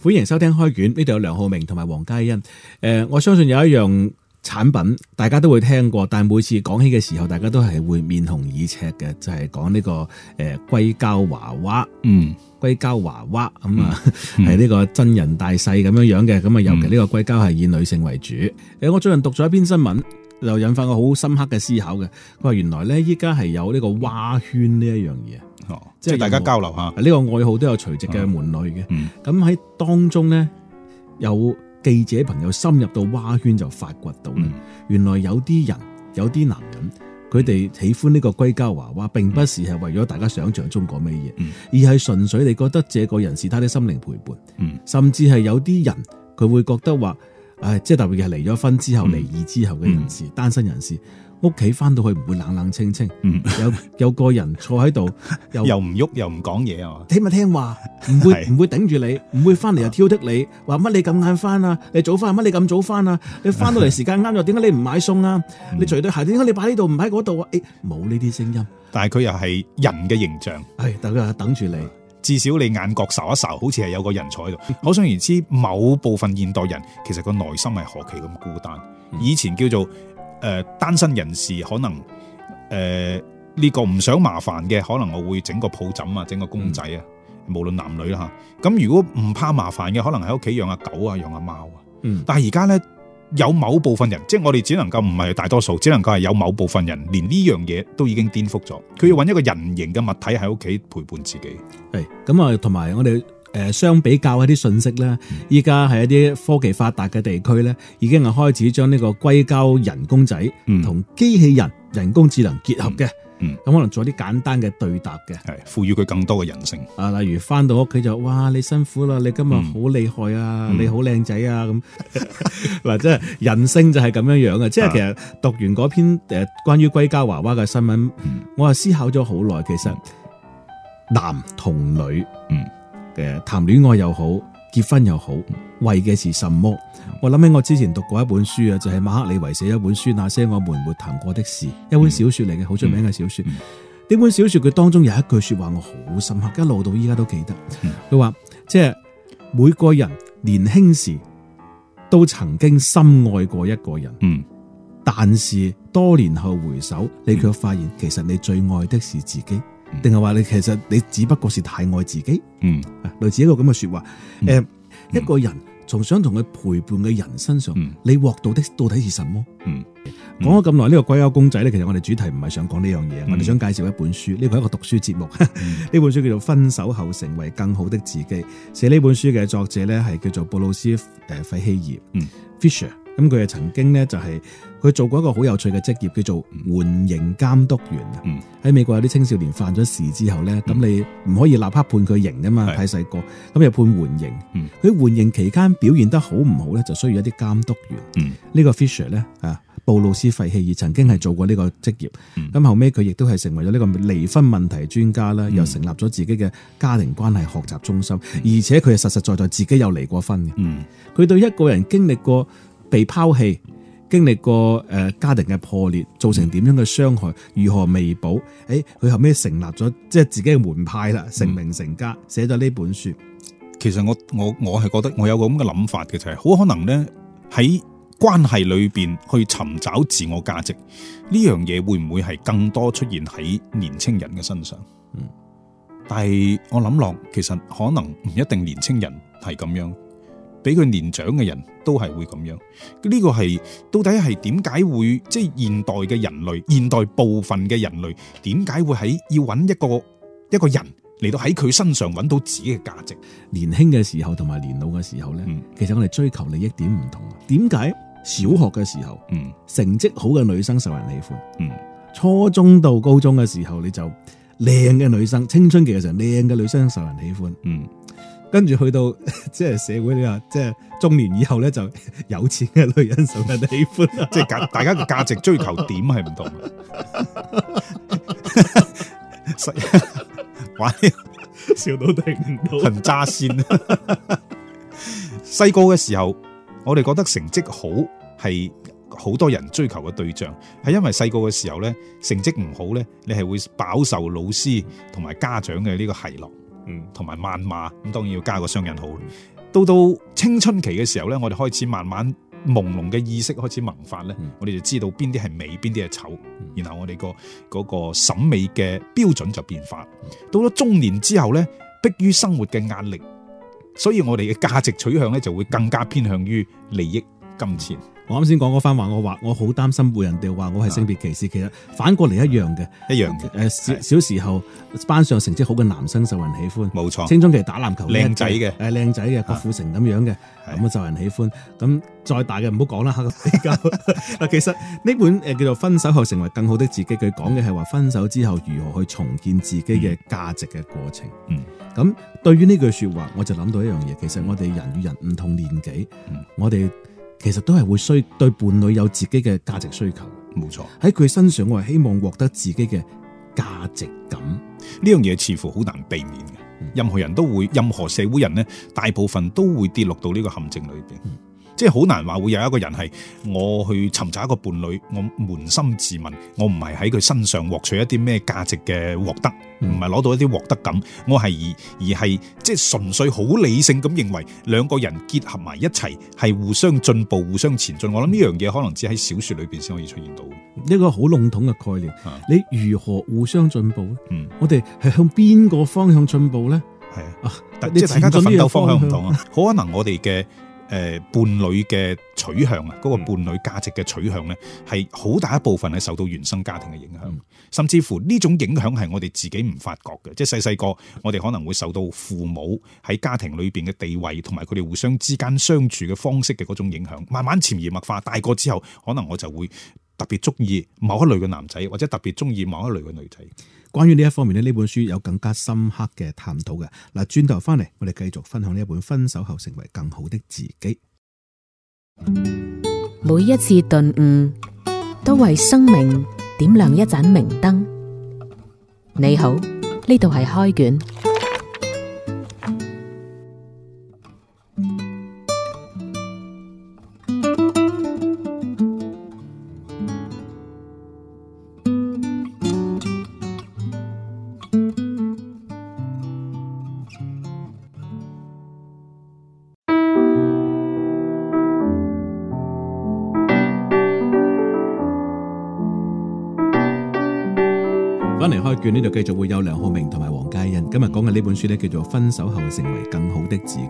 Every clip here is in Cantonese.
歡迎收聽開卷，呢度有梁浩明同埋黃嘉欣。誒、呃，我相信有一樣產品大家都會聽過，但係每次講起嘅時候，大家都係會面紅耳赤嘅，就係、是、講呢、這個誒硅、呃膠，嗯、膠娃娃。嗯，硅膠娃娃咁啊，係呢個真人大細咁樣樣嘅，咁啊，尤其呢個硅膠係以女性為主。誒，我最近讀咗一篇新聞。就引發我好深刻嘅思考嘅。佢話原來咧，依家係有呢個蛙圈呢一樣嘢，哦、即係大家交流下。呢個愛好都有垂直嘅門類嘅。咁喺、嗯、當中呢，有記者朋友深入到蛙圈就發掘到，嗯、原來有啲人有啲男人，佢哋喜歡呢個硅膠娃娃，並不是係為咗大家想像中講咩嘢，嗯、而係純粹地覺得這個人是他的心靈陪伴。嗯、甚至係有啲人佢會覺得話。唉，即係特別係離咗婚之後、嗯、離異之後嘅人士，嗯、單身人士，屋企翻到去唔會冷冷清清，嗯、有有個人坐喺度 又又唔喐又唔講嘢啊，聽咪聽話，唔會唔是的 會頂住你，唔會翻嚟又挑剔你，話乜、啊、你咁晏翻啊，你早翻乜你咁早翻啊，嗯、你翻到嚟時間啱咗點解你唔買餸啊，你除對鞋點解你擺呢度唔喺嗰度啊，冇呢啲聲音，但係佢又係人嘅形象，唉，大家等住你。至少你眼角睄一睄，好似係有個人坐喺度。可想而知，某部分現代人其實個內心係何其咁孤單。以前叫做誒、呃、單身人士，可能誒呢、呃這個唔想麻煩嘅，可能我會整個抱枕啊，整個公仔啊，嗯、無論男女啦。咁如果唔怕麻煩嘅，可能喺屋企養下狗啊，養下貓啊。嗯、但係而家咧。有某部分人，即係我哋只能夠，唔係大多數，只能夠係有某部分人，連呢樣嘢都已經顛覆咗。佢要揾一個人形嘅物體喺屋企陪伴自己。係咁啊，同埋我哋誒相比較一啲信息咧，依家係一啲科技發達嘅地區咧，已經係開始將呢個硅膠人工仔同機器人、人工智能結合嘅。咁、嗯、可能做啲簡單嘅對答嘅，係賦予佢更多嘅人性。啊，例如翻到屋企就，哇！你辛苦啦，你今日好厲害啊，嗯、你好靚仔啊，咁嗱，即係人性就係咁樣樣嘅。即係的其實讀完嗰篇誒關於龜膠娃娃嘅新聞，嗯、我又思考咗好耐。其實男同女，嗯嘅談戀愛又好，結婚又好。為嘅是什麼？我諗起我之前讀過一本書啊，就係、是、馬克李維寫一本書《那些我們沒談過的事》，一本小說嚟嘅，好出、嗯、名嘅小說。呢、嗯嗯、本小說佢當中有一句說話我好深刻，一路到依家都記得。佢話即係每個人年輕時都曾經深愛過一個人，嗯，但是多年後回首，你卻發現其實你最愛的是自己，定係話你其實你只不過是太愛自己，嗯，類似一個咁嘅說話。誒、嗯，嗯、一個人。從想同佢陪伴嘅人身上，你獲到的到底是什麼？講咗咁耐，呢個龜仔公仔咧，其實我哋主題唔係想講呢樣嘢。嗯、我哋想介紹一本書，呢個係一個讀書節目。呢、嗯、 本書叫做《分手後成為更好的自己》，寫呢本書嘅作者咧係叫做布魯斯誒費希爾 （Fisher）。嗯咁佢曾經呢，就係佢做過一個好有趣嘅職業，叫做緩刑監督員。喺、嗯、美國有啲青少年犯咗事之後呢，咁、嗯、你唔可以立刻判佢刑噶嘛，的太細個咁又判緩刑。佢、嗯、緩刑期間表現得好唔好呢？就需要一啲監督員。呢、嗯、個 Fisher 呢，啊，布魯斯費希爾曾經係做過呢個職業。咁、嗯、後尾，佢亦都係成為咗呢個離婚問題專家啦，嗯、又成立咗自己嘅家庭關係學習中心，嗯、而且佢係實實在，在在自己有離過婚嘅。佢、嗯、對一個人經歷過被拋棄，經歷過誒家庭嘅破裂，造成點樣嘅傷害？如何彌補？誒、哎，佢後尾成立咗即係自己嘅門派啦，成名成家，寫咗呢本書。其實我我我係覺得我有個咁嘅諗法嘅，就係、是、好可能咧喺關係裏邊去尋找自我價值呢樣嘢會唔會係更多出現喺年青人嘅身上？嗯，但係我諗落，其實可能唔一定年青人係咁樣。俾佢年長嘅人都係會咁樣，呢個係到底係點解會即係現代嘅人類，現代部分嘅人類點解會喺要揾一個一個人嚟到喺佢身上揾到自己嘅價值？年輕嘅時候同埋年老嘅時候呢？嗯、其實我哋追求利益點唔同。點解小學嘅時候，嗯，成績好嘅女生受人喜歡，嗯，初中到高中嘅時候你就靚嘅女生，青春期嘅時候靚嘅女生受人喜歡，嗯。跟住去到即係社會你話即係中年以後咧，就有錢嘅女人受人喜歡，即係價大家嘅價值追求點係唔同。玩, 笑到停唔到，很揸線。細個嘅時候，我哋覺得成績好係好多人追求嘅對象，係因為細個嘅時候咧，成績唔好咧，你係會飽受老師同埋家長嘅呢個奚落。嗯，同埋謾罵咁，當然要加個雙引號。到到青春期嘅時候咧，我哋開始慢慢朦朧嘅意識開始萌發咧，我哋就知道邊啲係美，邊啲係醜，然後我哋個嗰個審美嘅標準就變化。到咗中年之後咧，迫於生活嘅壓力，所以我哋嘅價值取向咧就會更加偏向於利益金錢。我啱先講嗰番話，我話我好擔心會人哋話我係性別歧視。其實反過嚟一樣嘅，一樣嘅。誒，小小時候班上成績好嘅男生受人喜歡，冇錯。青春期打籃球靚仔嘅，誒靚仔嘅郭富城咁樣嘅，咁啊受人喜歡。咁再大嘅唔好講啦，黑個比較。嗱，其實呢本誒叫做《分手後成為更好的自己》，佢講嘅係話分手之後如何去重建自己嘅價值嘅過程。嗯。咁對於呢句說話，我就諗到一樣嘢。其實我哋人與人唔同年紀，我哋。其實都係會需對伴侶有自己嘅價值需求，冇錯，喺佢身上，我係希望獲得自己嘅價值感。呢樣嘢似乎好難避免嘅，任何人都會，任何社會人呢，大部分都會跌落到呢個陷阱裏邊。嗯即係好難話會有一個人係我去尋找一個伴侶，我捫心自問，我唔係喺佢身上獲取一啲咩價值嘅獲得，唔係攞到一啲獲得感，我係而係即係純粹好理性咁認為，兩個人結合埋一齊係互相進步、互相前進。我諗呢樣嘢可能只喺小說裏邊先可以出現到，呢個好籠統嘅概念。係啊，你如何互相進步咧？嗯、我哋係向邊個方向進步咧？係啊，啊，即係大家都奮鬥方向唔同啊。好可能我哋嘅誒伴侶嘅取向啊，嗰個伴侶價值嘅取向呢，係好大一部分係受到原生家庭嘅影響，甚至乎呢種影響係我哋自己唔發覺嘅，即係細細個我哋可能會受到父母喺家庭裏邊嘅地位同埋佢哋互相之間相處嘅方式嘅嗰種影響，慢慢潛移默化，大個之後可能我就會。特別中意某一類嘅男仔，或者特別中意某一類嘅女仔。關於呢一方面咧，呢本書有更加深刻嘅探討嘅。嗱，轉頭返嚟，我哋繼續分享呢一本《分手後成為更好的自己》。每一次頓悟，都為生命點亮一盞明燈。你好，呢度係開卷。呢度繼續會有梁浩明同埋黃嘉欣，今日講嘅呢本書呢，叫做《分手後成為更好的自己》，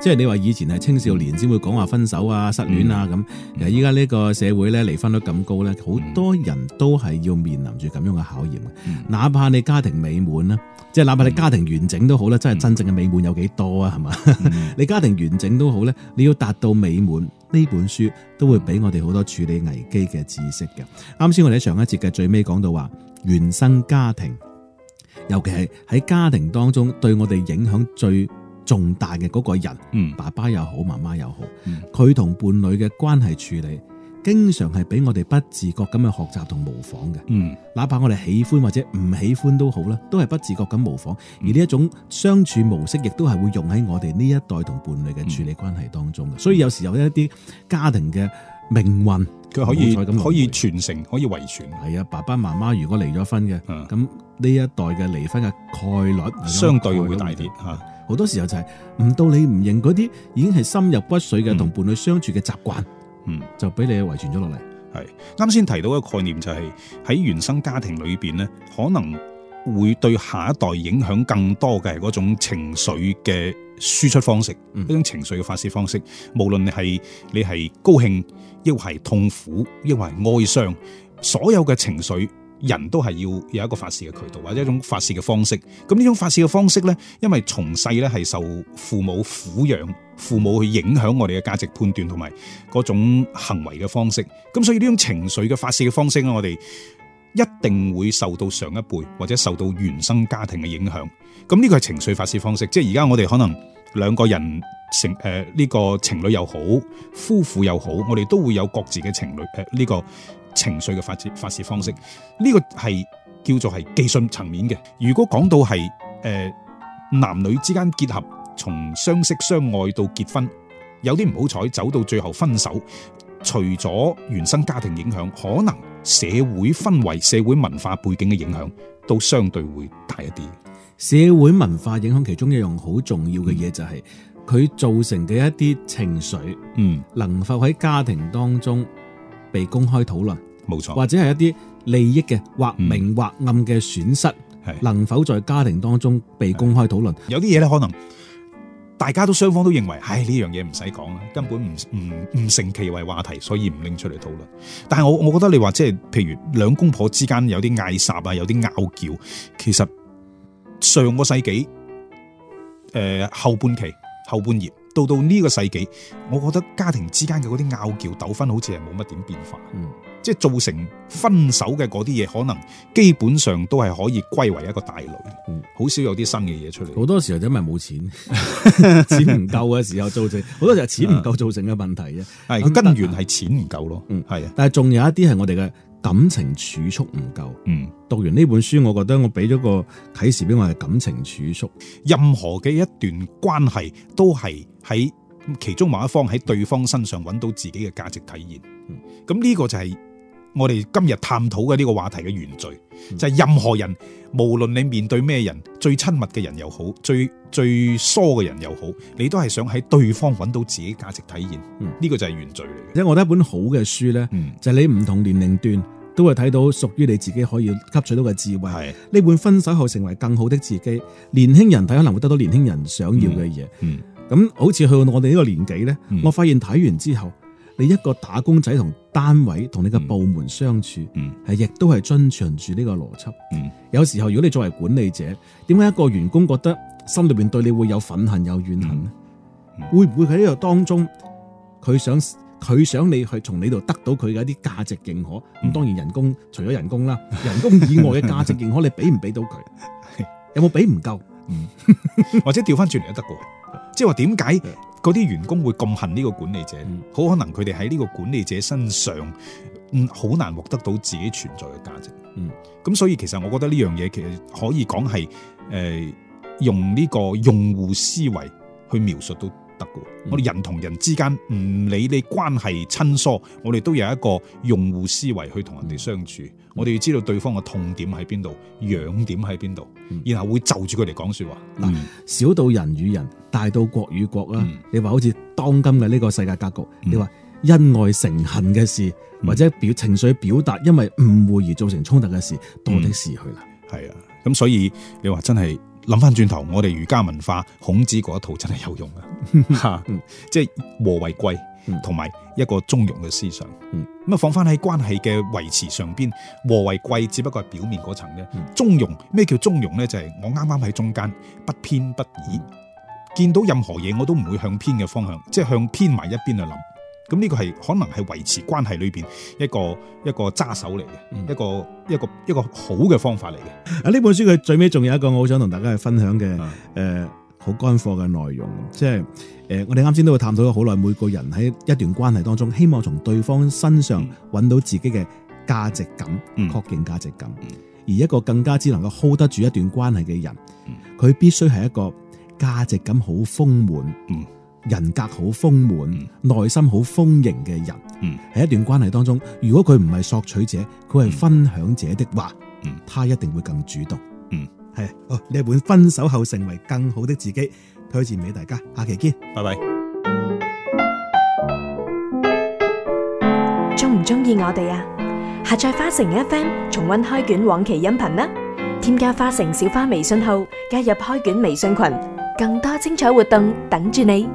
即係你話以前係青少年先會講話分手啊、失戀啊咁，依家呢個社會呢，離婚率咁高呢，好多人都係要面臨住咁樣嘅考驗、嗯、哪怕你家庭美滿啦，即係哪怕你家庭完整都好啦，真係真正嘅美滿有幾多啊？係嘛，嗯、 你家庭完整都好呢，你要達到美滿，呢本書都會俾我哋好多處理危機嘅知識嘅。啱先我哋喺上一節嘅最尾講到話。原生家庭，尤其係喺家庭當中對我哋影響最重大嘅嗰個人，嗯，爸爸又好，媽媽又好，佢同、嗯、伴侶嘅關係處理，經常係俾我哋不自覺咁去學習同模仿嘅，嗯，哪怕我哋喜歡或者唔喜歡都好啦，都係不自覺咁模仿，而呢一種相處模式，亦都係會用喺我哋呢一代同伴侶嘅處理關係當中嘅，嗯、所以有時有一啲家庭嘅。命運佢可以可以傳承，可以遺傳。係啊，爸爸媽媽如果離咗婚嘅，咁呢、嗯、一代嘅離婚嘅概率相對會大啲。吓率，好多時候就係、是、唔到你唔認嗰啲已經係深入骨髓嘅同、嗯、伴侶相處嘅習慣，嗯，就俾你遺傳咗落嚟。係啱先提到嘅概念就係、是、喺原生家庭裏邊呢，可能會對下一代影響更多嘅嗰種情緒嘅。輸出方式，一種情緒嘅發泄方式。嗯、無論你係你係高興，抑或係痛苦，抑或係哀傷，所有嘅情緒，人都係要有一個發泄嘅渠道，或者一種發泄嘅方式。咁呢種發泄嘅方式呢，因為從細呢係受父母撫養，父母去影響我哋嘅價值判斷同埋嗰種行為嘅方式。咁所以呢種情緒嘅發泄嘅方式呢，我哋。一定會受到上一輩或者受到原生家庭嘅影響。咁、這、呢個係情緒發泄方式，即係而家我哋可能兩個人成誒呢個情侶又好，夫婦又好，我哋都會有各自嘅情侶誒呢個情緒嘅發泄發泄方式。呢、這個係叫做係技術層面嘅。如果講到係、呃、男女之間結合，從相識相愛到結婚，有啲唔好彩走到最後分手，除咗原生家庭影響，可能。社會氛圍、社會文化背景嘅影響都相對會大一啲。社會文化影響其中一樣好重要嘅嘢就係佢造成嘅一啲情緒，嗯，能否喺家庭當中被公開討論？冇錯，或者係一啲利益嘅或明或暗嘅損失，能否在家庭當中被公開討論？有啲嘢咧，可能。大家都雙方都認為，唉，呢樣嘢唔使講啦，根本唔唔唔成其為話題，所以唔拎出嚟討論。但係我我覺得你話即係譬如兩公婆之間有啲嗌霎啊，有啲拗撬，其實上個世紀誒、呃、後半期、後半葉，到到呢個世紀，我覺得家庭之間嘅嗰啲拗撬、糾紛，好似係冇乜點變化。嗯即係造成分手嘅嗰啲嘢，可能基本上都係可以歸為一個大類，好少有啲新嘅嘢出嚟。好多時候因為冇錢， 錢唔夠嘅時候造成，好多時候錢唔夠造成嘅問題啫。佢是那根源係錢唔夠咯。係啊。但係仲有一啲係我哋嘅感情儲蓄唔夠。嗯，讀完呢本書，我覺得我俾咗個啟示俾我係感情儲蓄。任何嘅一段關係都係喺其中某一方喺對方身上搵到自己嘅價值體現。嗯，咁呢個就係、是。我哋今日探討嘅呢個話題嘅原罪，就係任何人，無論你面對咩人，最親密嘅人又好，最最疏嘅人又好，你都係想喺對方搵到自己價值體驗。嗯，呢個就係原罪嚟嘅。因為我覺得一本好嘅書呢，嗯、就係你唔同年齡段都會睇到屬於你自己可以吸取到嘅智慧。係呢是本分手後成為更好的自己，年輕人睇可能會得到年輕人想要嘅嘢、嗯。嗯，咁好似去到我哋呢個年紀呢，嗯、我發現睇完之後。你一個打工仔同單位同你嘅部門相處，係亦都係遵循住呢個邏輯。嗯、有時候如果你作為管理者，點解一個員工覺得心裏面對你會有憤恨、有怨恨咧？嗯嗯、會唔會喺呢個當中，佢想佢想你去從你度得到佢嘅一啲價值認可？咁、嗯、當然，人工除咗人工啦，人工以外嘅價值認可， 你俾唔俾到佢？有冇俾唔夠？嗯、 或者調翻轉嚟都得嘅，即係話點解？嗰啲員工會咁恨呢個管理者，好可能佢哋喺呢個管理者身上，嗯，好難獲得到自己存在嘅價值。嗯，咁所以其實我覺得呢樣嘢其實可以講係，誒、呃，用呢個用戶思維去描述到。我哋人同人之間，唔理你關係親疏，我哋都有一個用戶思維去同人哋相處。嗯、我哋要知道對方嘅痛點喺邊度、癢、嗯、點喺邊度，然後會就住佢嚟講說話。嗱、嗯，小到人與人，大到國與國啦。嗯、你話好似當今嘅呢個世界格局，嗯、你話恩愛成恨嘅事，嗯、或者表情緒表達因為誤會而造成衝突嘅事，嗯、多的是去啦。係啊，咁所以你話真係。諗翻轉頭，我哋儒家文化、孔子嗰一套真係有用啊！ 即係和為貴，同埋一個中庸嘅思想。咁啊，放翻喺關係嘅維持上邊，和為貴只不過係表面嗰層啫。中庸，咩叫中庸咧？就係、是、我啱啱喺中間，不偏不倚，見到任何嘢我都唔會向偏嘅方向，即係向偏埋一邊去諗。咁呢個係可能係維持關係裏面一個一個揸手嚟嘅，一個一個、嗯、一個一個一個好嘅方法嚟嘅。啊，呢本書佢最尾仲有一個我好想同大家去分享嘅，好、嗯呃、乾貨嘅內容，即、就、係、是呃、我哋啱先都會探討咗好耐，每個人喺一段關係當中，希望從對方身上揾到自己嘅價值感，確認價值感，嗯、而一個更加之能夠 hold 得住一段關係嘅人，佢、嗯、必須係一個價值感好豐滿。嗯人格好豐滿、內心好豐盈嘅人，喺、嗯、一段關係當中，如果佢唔係索取者，佢係分享者的話，嗯、他一定會更主動。嗯，係哦，呢本分手後成為更好的自己，推薦俾大家。下期見，拜拜。中唔中意我哋啊？下載花城 FM，重溫開卷往期音頻啦！添加花城小花微信號，加入開卷微信群，更多精彩活動等住你。